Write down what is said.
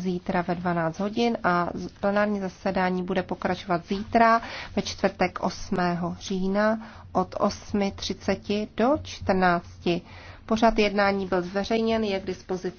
zítra ve 12 hodin a plenární zasedání bude pokračovat zítra ve čtvrtek 8. října od 8.30 do 14. Pořad jednání byl zveřejněn, je k dispozici.